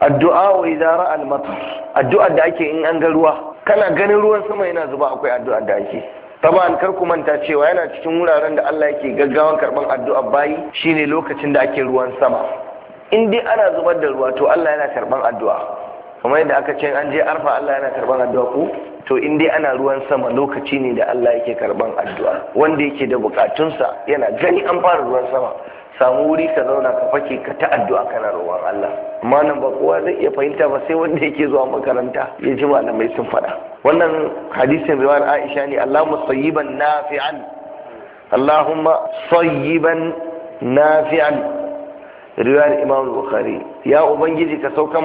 addu'a wa idza ra'a addu'a da ake in an ga ruwa kana ganin ruwan sama yana zuba akwai addu'a da ake taban kar ku manta cewa yana cikin wuraren da Allah yake gaggawan karban addu'a bayi shine lokacin da ake ruwan sama in dai ana zubar da ruwa to Allah yana karban addu'a kamar yadda aka ce an je arfa Allah yana karban addu'a ko to in dai ana ruwan sama lokaci ne da Allah yake karban addu'a wanda yake da bukatunsa yana gani an fara ruwan sama samu wuri ka zauna ka fake ka ta addu'a kana roƙon Allah amma ba kowa zai iya fahimta ba sai wanda yake zuwa makaranta ya ji malamai sun faɗa wannan hadisin riwayar Aisha ne Allahumma sayyiban nafi'an Allahumma sayyiban nafi'an riwayar Imam Bukhari ya ubangiji ka saukan